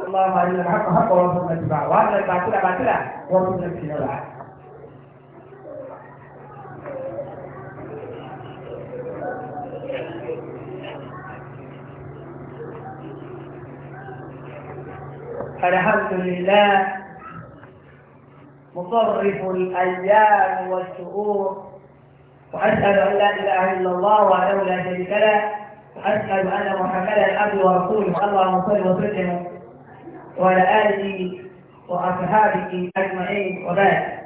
ọlọ́mọ àyẹ̀lẹ̀ àkọ́kọ́ ọ̀rọ̀ tó ń bẹ̀ tìbà wà á lọ ìbàkúrà bàkúrà wọ́n tó ń bẹ̀ tìbà الحمد لله مصرف الأيام والشهور وأشهد أن لا إله إلا الله وحده لا شريك له وأشهد أن محمدا عبده ورسوله اللهم صل وسلم وعلى آله وأصحابه أجمعين وبارك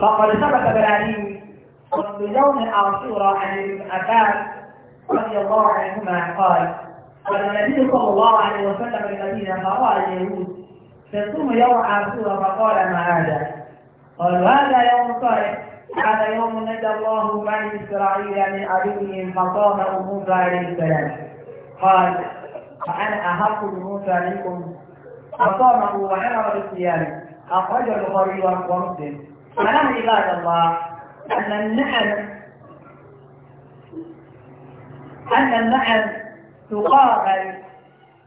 فقد سبق بالعليم ومن يوم عاشوراء عن ابن عباس رضي الله عنهما قال قال النبي صلى الله عليه وسلم للذين فقال اليهود فصوم يوم عاشوراء فقال ما هذا؟ قالوا هذا يوم صالح هذا يوم ندى الله بني اسرائيل من عدوهم فقام موسى عليه السلام قال فانا اهق موسى منكم فصامه وامر بالصيام اخرجه البخاري ومسلم فنعم عباد الله ان النعم ان النعم تقابل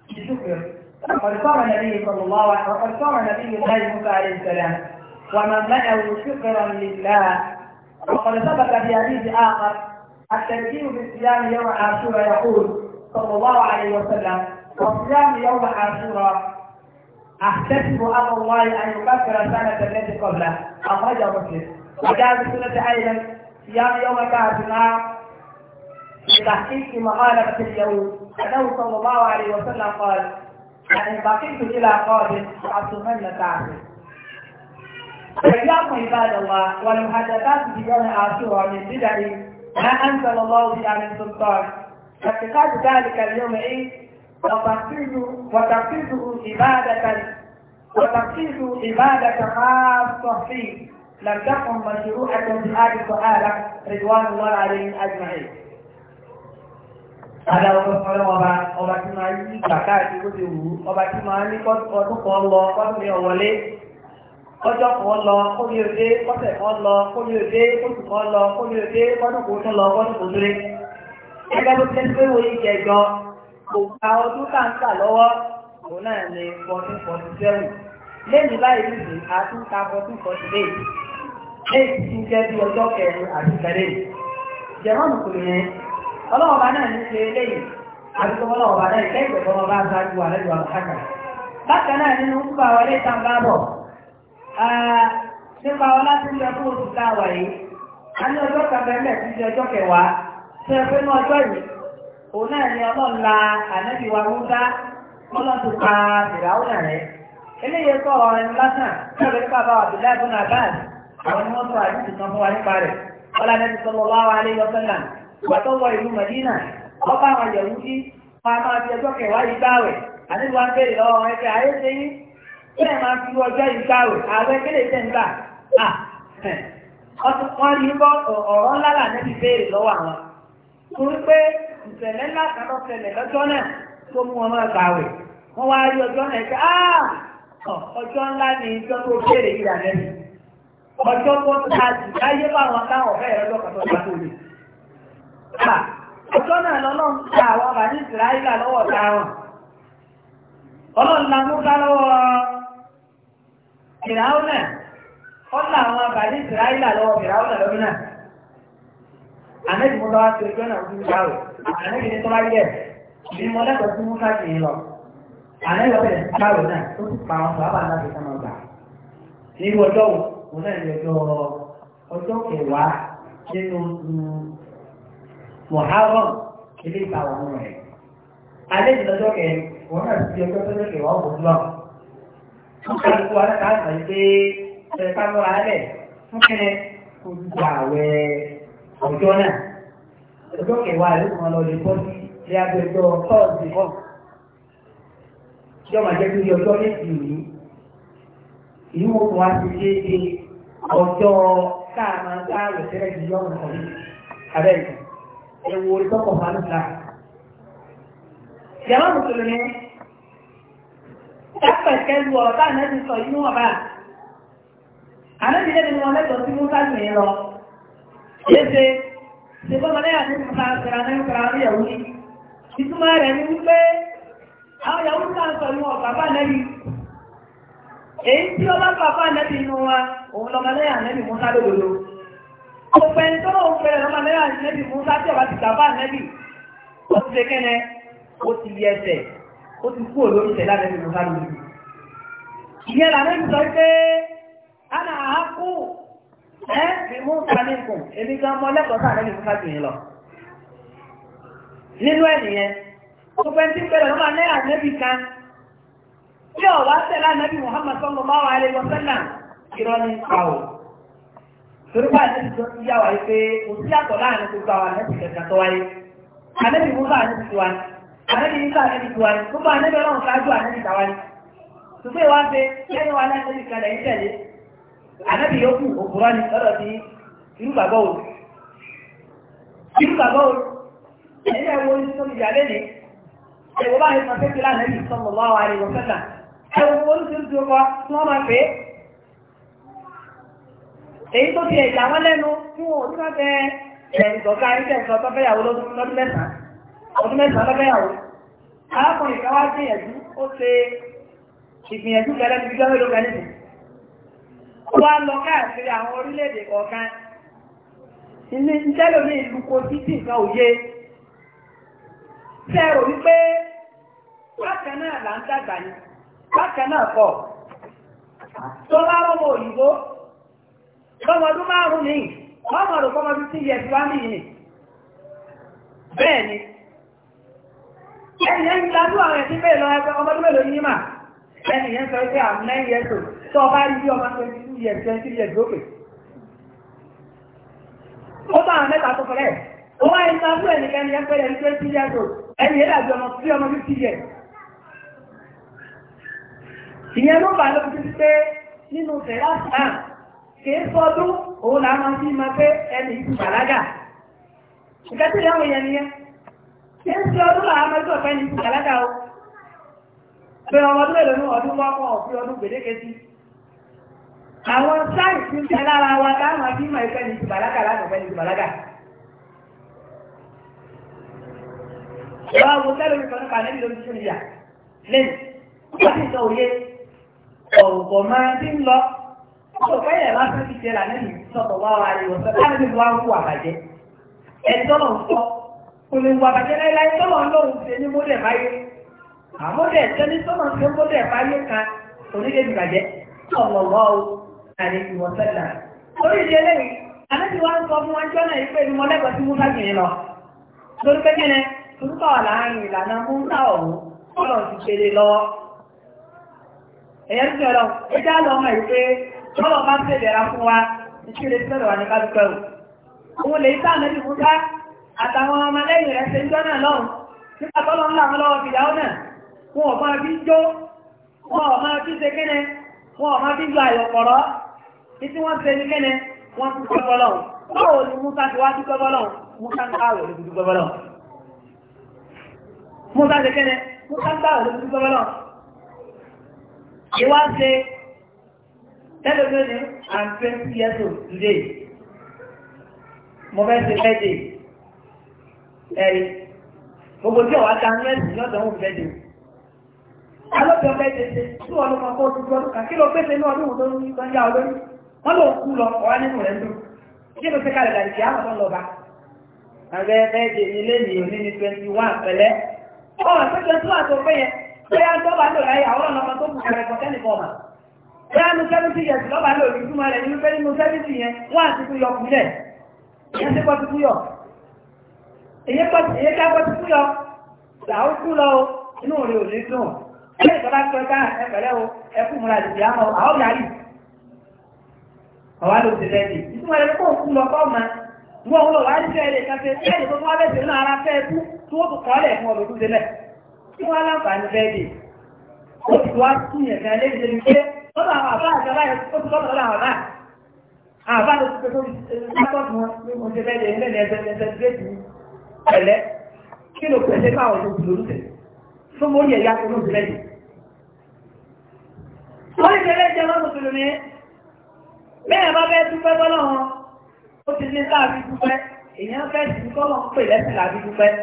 بشكر وقد صام النبي صلى الله عليه وسلم وقد صام نبي الله موسى عليه السلام ومن منعه شكرا لله وقد ثبت في حديث اخر التذكير بالصيام يوم عاشوراء يقول صلى الله عليه وسلم وصيام يوم عاشوراء احتسب امر الله ان يكفر السنه التي قبله اخرجه مسلم وجاء في السنه ايضا صيام يوم كعب النار لتحقيق مغالبه اليهود أنه صلى الله عليه وسلم قال يعني بقيت إلى قادم وأتمنى تعبد فإياكم عباد الله والمحدثات يوم عاشوراء من بدع ما أنزل الله بها من سلطان فاتخاذ ذلك اليوم عيد وتقصده عبادة وتقصده عبادة خاصة فيه لم تكن مشروعة في هذه السؤال رضوان الله عليهم أجمعين Adá ọkọ̀ sọ́lọ́ ọba, ọba tí máa yí ìgbà káàkiri ó ti wù ú, ọba tí máa ní ọdún kan lọ, ọdún yẹn wọlé, ọjọ́ kan lọ, ó ní òde, ọ̀sẹ̀ kan lọ, ó ní òde, oṣù kan lọ, ó ní òde, ọdún kò tún lọ, ọdún kò tún lé. Ẹgbẹ́ tó ti ń pé wo ìjẹ gan, kò gba ọdún tá ń tà lọ́wọ́, òun náà ní fourteen forty seven. Lẹ́yìn báyìí nìyí, a tún ta fourteen forty eight. Lẹ́yìn tí ń jẹ́ bí ọjọ́ kẹrin àti kẹrin. Jẹ̀mọ́nù kò yẹn ọlọ́ọ̀bá náà ní ṣe eléyìí àdúgbò ọlọ́ọ̀bá náà ìkẹ́kọ̀ọ́ tó wọn bá ṣáájú wa lẹ́jọ́ àlùfáàkà bákan náà nínú nípa wọlé ìtàǹbá bọ̀ nípa ọlá tí ń lọ fún oṣù káwà yìí a ní ọjọ́ kẹfẹ́mẹ̀ tí ṣe ọjọ́ kẹwàá tí ẹ pé ní ọjọ́ yìí òun náà ni ọlọ́ọ̀la ànábì wa ń dá ọlọ́ọ̀tún pa ìràwọ̀nà rẹ̀ eléyìí kọ́ ọ̀rẹ́ lásán kẹ́lẹ́ nípa bá Abdullahi bin Abbas àwọn ni wọ́n sọ àdúgbò kan fún wa nípa rẹ̀ ọlá nẹ́bí sọ́lọ́lá wa alẹ́ yọ gbàtọ́wọ́ ìlú Mẹ̀dínà ọba àwọn àjẹ̀wú sí ma máa fi ọjọ́ kẹwàá àníbi wa ń lọ́wọ́ ẹgbẹ́ ayé ṣe bẹ́ẹ̀ máa fi ọjọ́ yìí ààrẹ kéde tẹ̀ ń gbà à wọ́n rí bọ́ ọ̀rọ̀ ńlá là níbi béèrè lọ́wọ́ àwọn torí pé ìṣẹ̀lẹ̀ ńlá kan ṣẹlẹ̀ lọ́jọ́ náà tó mú wọn máa gbàwẹ̀ wọ́n wá rí ọjọ́ náà ẹgbẹ́ ọjọ́ ńlá ni ìjọ tó yìí rà Àbà, ọjọ́ náà lọ́lọ́run ta àwọn ọba ní Ìsìráìlà lọ́wọ́ ta wọn. Ọlọ́run la mú bá lọ́wọ́ Ìràwọ̀ náà. Ó là àwọn ọba ní Ìsìráìlà lọ́wọ́ Ìràwọ̀ náà lọ́dún náà. Àmẹ́jì mú lọ́wọ́ sí ojú ọ̀nà òfin ìgbàwò. Àmẹ́jì ní tó bá yẹ. Ìbí mo lẹ́kọ̀ọ́ sí mú káàkiri lọ. Àmẹ́jì ọ̀bẹ̀rẹ̀ ìgbàwò náà ó sì pa àwọn sọ̀rọ̀ àbáńdá fi sọ́mọ gbà. Nírú ọjọ́ wo, mo náà ní ọjọ́ ọjọ́ kẹwàá nínú Muharram ilé ìtawọ̀ ọmọ rẹ̀. Alẹ́ ìdọ́jọ́ kẹrin, wọ́n náà ti ọjọ́ tó lókè wọ́n bò lọ. Wọ́n kàrí kó alẹ́ káà sọ pé ṣe ká lọ́ra alẹ́ fún kẹ́rẹ́ kó gba àwẹ̀ ọjọ́ náà. Ọjọ́ kẹwàá ló kàn lọ lè bọ́ sí ilé agbẹjọ́ tọ́ọ̀sì kọ́. Ṣé ọmọ jẹ́ ẹ̀wọ̀ orí tọ́kọ̀ fà ní ìlà. Ìyàwó Mùsùlùmí, ẹ̀pẹ̀kẹ́ lu ọ̀rọ̀ tá àná ti sọ inú ọ̀bá. Àná ti lẹ́nu wọn lẹ́tọ̀ọ́ sí Musa lù yín lọ. Léṣe, ṣe bọ́mọdé àti Musa sẹ̀rà náà sẹ̀rà ní ìyàwó yìí. Ìtumọ̀ rẹ̀ ni wípé àwọn ìyàwó Musa sọ inú ọ̀bá bá nẹ́bí. Èyí tí ó bá bá bá nẹ́bí inú wa, òun lọ́mọdé àná Gbogbo ẹni tó lóun fẹ́rẹ̀ lọ́mọ mẹ́rin àti nẹ́bì fún sáté ọba ti gbàgbà nẹ́bì. Ó ti ṣe kẹ́nẹ́, ó ti yẹ ẹsẹ̀, ó ti kú olórí ìṣẹ̀lá nẹ́bì fún sáté ọba. Ìyẹn làwọn ẹni sọ pé Ana àákú ẹ́ mi mú Sanìkùn, èmi gan mọ lẹ́kọ̀ọ́ sáà nẹ́bì fún sáté yẹn lọ. Nínú ẹ̀ nìyẹn, gbogbo ẹni tí fẹ́rẹ̀ lọ́mọ mẹ́rin àti nẹ́bì kan. Bí ọ̀wá tẹ̀lá nẹ́bì Mùhàmmad sọ́mọ bá wà á torípa a tó ti yá wáyé pé kò sí àtọ̀ láàrin gbogbo àwọn àti kẹta tó wáyé àlẹ́bí mú bá àti na wáyé àlẹ́bí yìí na àti tó wáyé gbogbo àlẹ́bí ọlọ́run ṣáájú àlẹ́bí tùpé wá pé lẹ́yìn wa láti lè kalẹ̀ yìí tẹ̀lé àlẹ́bí yòókù òkúrọ́ ni lọ́dọ̀ sí irú bàbá òru irú bàbá òru ẹ̀yìn wo tóbi ni ẹ̀wọ̀ bá yẹ èyí tó ti ẹ̀jà wọn lẹ́nu tí wọn ò ní máa bẹ ẹ̀ǹgọ̀gá lọ́dún mẹ́ta ọdún mẹ́ta án arákùnrin kan wá gbìyànjú ó ṣe ìgbìyànjú kẹlẹ́ nìyí. ó wá lọ káàkiri àwọn orílẹ̀-èdè kọ̀ọ̀kan. ilé iṣẹ́ ìlú kò sí sí nǹkan òye. ẹ rò wípé lọ́mọdún márùn-ún ní ọmọdún kọmọdún tí yẹ ti wá ní ìní bẹ́ẹ̀ni ẹniyẹn ń lajú àwọn ẹ̀sìn bẹ́ẹ̀ lọ ẹgbẹ́ ọmọdún mélòó ní mà ẹniyẹn sọ pé àwọn nine years tó ọba rí bí ọmọ twenty two years twenty ìyẹn ló bá lọ́kùnrin pé nínú tẹ̀lá sáà kìí sọdún òun là máa fi máa pé ẹni ìlú bàlágà ìkẹ́tì lẹ́wọ̀n yẹn nìyẹn kìí sọdún là máa sọ pé ẹni ìlú bàlágà o pé ọmọ ọdún èlò ní ọdún wọ́pọ̀ ọ̀fí ọdún gbèdéke sí àwọn sáìsì ń tẹ lára wa láwọn fi máa pé ẹni ìlú bàlágà láti ọ̀pẹ́ ẹni ìlú bàlágà. Ìwà àwọn sẹ́lẹ̀ mi kan nípa níbi lórí sínú ìyà lẹ́yìn wọ́n ti sọ Olùkọ́ yẹn lásán ti ṣe lànà sọ̀tọ̀ wá wa rí wọ̀sán láti fi wá wù àbàjẹ́. Ẹ̀tọ́ lọ sọ, kò lè wù àbàjẹ́ láíláí tọ́lọ ṣe ní mọ́dẹ̀ báyé. Àmọ́dẹ̀ ẹ̀tọ́ ní tọ́lọ ṣe mọ́dẹ̀ báyé kan onílé ìbàjẹ́. Sọ̀lọ̀ wọ́ o, àní ìwọ̀sán là. Orí ìdílé lẹ́yìn, àná ti ń sọ fún wọn jọ́ náà ìpè ní mọ́lẹ́kọ̀ọ́ tí Musa kìíní lọ. Lórí pé kíni, Musa wà láàárín ìlànà Musa ọ̀hún, Ọlọ́run ti ṣe lé lọ́wọ́. Ẹ̀yẹ́ ń sọ̀rọ̀, ẹjá lọ́mọ ìpè lọ́wọ́ bá ń pè fún wa ìṣúlé sọ̀rọ̀ wà ní kálukẹ́ o òun lè sá àmẹ́bí fún ká àtàwọn ọmọ lẹ́yìn rẹ̀ ṣe ń jọ́ náà nígbà tọ́lọ́ ń làwọn lọ́wọ́ fìyàwó náà wọn ò máa fi jó wọn ò máa fi ṣe kẹ́nẹ wọn ò máa fi ń Tẹ́lẹ̀mẹ́lẹ̀ eh, I'm twenty years old today. Mo fẹ́ ṣe bẹ́ẹ̀dẹ̀. Ẹ̀rí. Gbogbo tí ọ̀wá ta mẹ́sì lọ́dọ̀ òun bẹ́ẹ̀dẹ̀. Alọ́bẹ̀ bẹ́ẹ̀dẹ̀ ṣe tí wọ́n lọ máa kọ́ ojú ọdún kan kí ló pèsè ní ọdún òun lórí tó olórí. Wọ́n lọ kú lọ ọ̀wá nínú rẹ̀ dùn. Kí ló fi kalẹ̀ dàdí kí á wọ́n ní ní òní ní twenty one pẹ̀lẹ́. bóyá tó bá lò láyé àwọn ọ̀nà e sẹ́fíìsì yẹn lọ́ba lò ní rẹ̀ nínú pé nínú sẹ́fíìsì yẹn wọ́n àti yọ kúlẹ̀ yẹn ti pọ́tù kúyọ̀ èyí ká pọ́tù kúyọ̀ làwọn kú lọ o inú rẹ̀ ò ní dùn tó ká o ẹkú múra àmọ́ àwọn ọ̀wá ló ti ìtumọ̀ rẹ̀ kó kú lọ kọ́ ma wọ́n wọ́n wá ṣe wá lọ́dọ̀ ti lọ́dọ̀ lọ́dọ̀ àwọn àbá àbá ló ti pé fún látọ́ọ̀tù wọn ní mo ṣe bẹ́ẹ̀ lẹ́yìn lẹ́yìn ẹsẹ̀ ẹsẹ̀ gírèsì pẹ̀lẹ́ kí ló pẹ̀lẹ́ máa wọ̀ lóṣù lóṣù tó mọ́ yẹ ya tó lóṣù lẹ́yìn. wọ́n ti tẹ́lẹ̀ jẹ́ lọ́dọ̀ tó lómi bẹ́ẹ̀ bá bẹ́ẹ̀ dúpẹ́ bọ́lọ́ wọn ó ti ní láàbí dúpẹ́ èèyàn fẹ́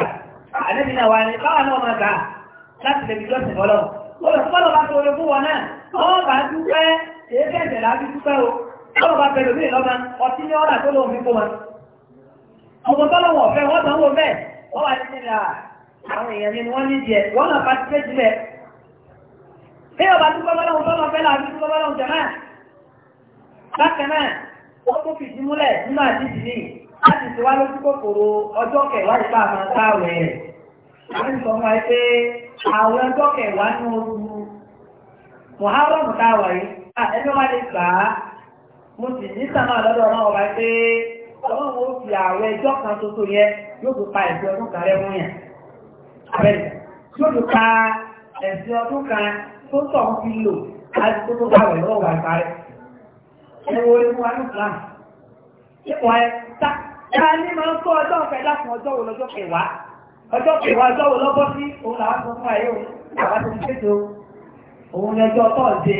sí àlẹ́bí náà wà báwa náà máa gbà láti lè fi jọ́sìn bọ́lọ̀ olùkọ́lọ̀ bá tó ológun wọn náà wọ́n bá dúpẹ́ èé bẹ̀rẹ̀ láti dúpẹ́ o kọ́lọ̀ bá bẹ̀rẹ̀ lórí lọ́mọ ọtí ní ọ̀rà tó lóun fi kó wọn. ọmọ tọ́lọ̀ wọ̀ fẹ́ wọ́n sanwó bẹ́ẹ̀ wọ́n wà ní ìlà àwọn èèyàn ni wọ́n ní díẹ̀ wọ́n náà pàtí méjì lẹ̀. bí ọba dúpẹ́ bọ́lọ́hun tọ́lọ̀ fẹ́ láti dúpẹ́ bọ́lọ́hun jẹ̀ bákan náà ó tó fìdí múlẹ̀ nínú àdíjì nìyí láti ti wá lójú kòkòrò ọjọ́ kẹwàá ìpá àmọ́ sáàwẹ̀ rẹ̀. Àwọn ìsọ̀ wọn ẹ pé àwọn ọjọ́ kẹwàá ní oṣù Mùhárọ̀mù táwà yìí, ẹni wá lè gbà á. Mo sì ní sàmà lọ́dọ̀ náà wá pé ọlọ́run ó fi ẹjọ́ kan ṣoṣo yẹ yóò pa ẹ̀sìn ọdún kan rẹ̀ wọ́n Abẹ́rẹ́ yóò pa ẹ̀sìn ọdún kan tó tọ̀ ń fi lò láti tó tó báwẹ̀ lọ́wọ́ wà parẹ́. Ẹ wo ewu anú plan. Ṣé ta ní máa kọ́ ọjọ́ kẹta fún ọjọ́ wo lọ́jọ́ kẹwàá ọjọ́ kẹwàá ọjọ́ wo lọ́bọ́ sí òun sọ fún ayé òun àwọn tó ń ṣètò òun ni ọjọ́ ọtọ́ ṣe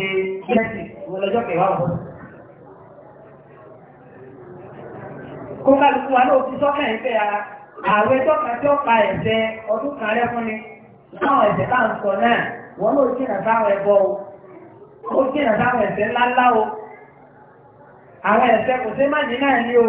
lọ́jọ́ kẹwàá kó kálukú wa náà ti ẹ̀fẹ́ tọ́ka tí ó pa ọdún kan rẹ o àwọn kò sí má o.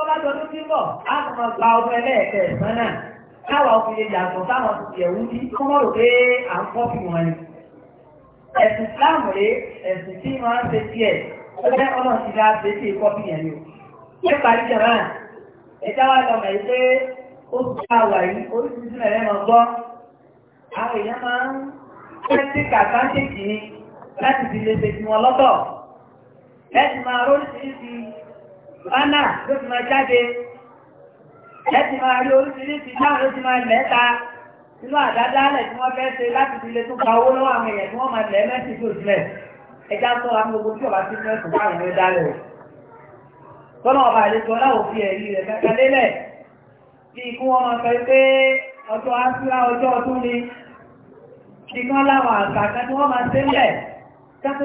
tọ́lá jọ tó ti bọ̀ á kò máa gba ọmọ ẹlẹ́ẹ̀kẹ́ ẹ̀sán náà káwa òfin lè yàtọ̀ táwọn ti yẹ̀wú bí kó mọ̀ rò pé à ń kọ́ fún ni. ẹ̀sìn Islam rèé ẹ̀sìn tí wọ́n á ṣe tiẹ̀ ó jẹ́ ọlọ́run ti dá ṣe tí kọ́ fún yẹn ni o. ṣé parí jẹ̀ náà ẹ̀dá wa lọ mọ̀ pé ó ti ká wà yìí oríṣiríṣi mẹ̀rẹ̀ mọ̀ gbọ́. àwọn èèyàn máa ń fẹ́ sí kàkáńtì kìíní láti fi lè ṣe tiwọn lọ́tọ̀. ẹ ọ́nà ló ti máa jáde ẹ ti máa rí oríṣiríṣi náà ló ti máa lẹ́ta nínú àdádálẹ̀ tí wọ́n fẹ́ ṣe láti fi lè tún gba owó lọ́wọ́ àwọn èèyàn tí wọ́n máa lẹ́ mẹ́sì tó sílẹ̀ ẹjá sọ àwọn gbogbo tí ọba ti fẹ́ sùn fáwọn ẹ̀rọ dálẹ̀ rẹ̀ tọ́nà ọba àlejò ọláwò fi ẹ̀rí rẹ̀ kẹta lélẹ̀ bí ikú wọn máa fẹ́ pé ọjọ́ àsúrà ọjọ́ ọdún ni ṣùgbọ́n láwọn àgbà kan tí wọ́n máa ṣe ń lẹ̀ kẹ́tù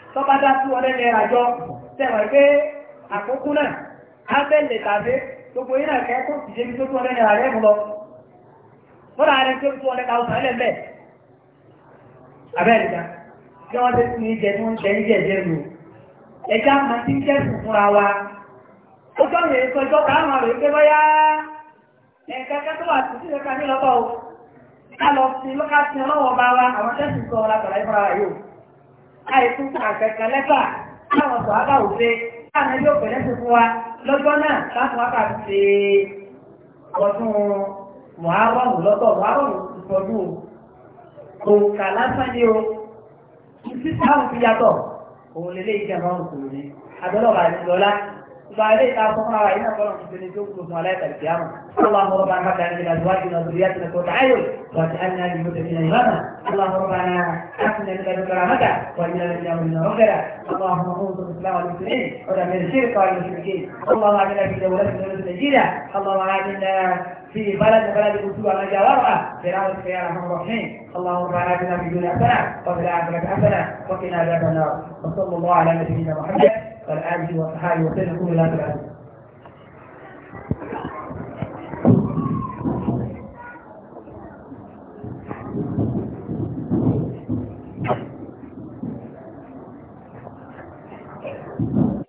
tó bá dá sí ọdẹ náírà jọ tẹ̀wọ̀n pé àkókò náà á bẹ̀lẹ̀ tàbí gbogbo yìí náà kẹ́kọ̀ọ́ ti débi tó tó ọdẹ náírà rẹ̀ mú lọ fọ́nà rẹ̀ tó tó ọdẹ kàwùsàn ẹlẹ́ mbẹ́ abẹ́rẹ́ ìjà bí wọ́n ti fún ìjẹ tó ń jẹ ìjẹ jẹ lò ẹja máa ti ń jẹ́ sùn fúnra wa ó jọ́ yẹn sọ ìjọ káàmà rẹ̀ pé bọ́yá ẹ̀ka kẹ́kọ̀ọ́ wà sí ìjọba ní lọ́tọ̀ o ká lọ sí lọ́kà sí ọlọ́wọ́ bá wa àwọn tẹ́sí sọ ọ àìsùn àkẹ́kẹ́ lẹ́fà táwọn sọ ábà òfe táwọn ẹbí òpè lẹ́sìn fún wa lọ́jọ́ náà láti wá kà ṣe ọdún mọ̀háwọ́mù lọ́tọ̀ mọ̀háwọ́mù ìfọdún òǹkà lásán ni o ìsísà òfin yàtọ̀ òun lélẹ́yìí jẹ́ mọ́ òkùnrin abẹ́lọ́ba àti lọ́lá فعليه تعصبنا وعينا قولهم في الدنيا وصلاة القيامة اللهم ربنا متعنا بالأزواج وذرياتنا قوة واجعلنا للمتقين إماما اللهم ربنا أكرمنا بك كرامتك وإنا لك من ربنا اللهم انصر الإسلام والمسلمين من الشرك والمشركين اللهم آمنا في دولتنا المسجدة اللهم آمنا في بلد بلد الأسوة ما جاورها برحمتك يا أرحم الرحيم اللهم ربنا آتنا في الدنيا حسنة وفي الآخرة حسنة وقنا عذاب النار وصلى الله على نبينا محمد والآله وصحبه وسلم ولا تبعث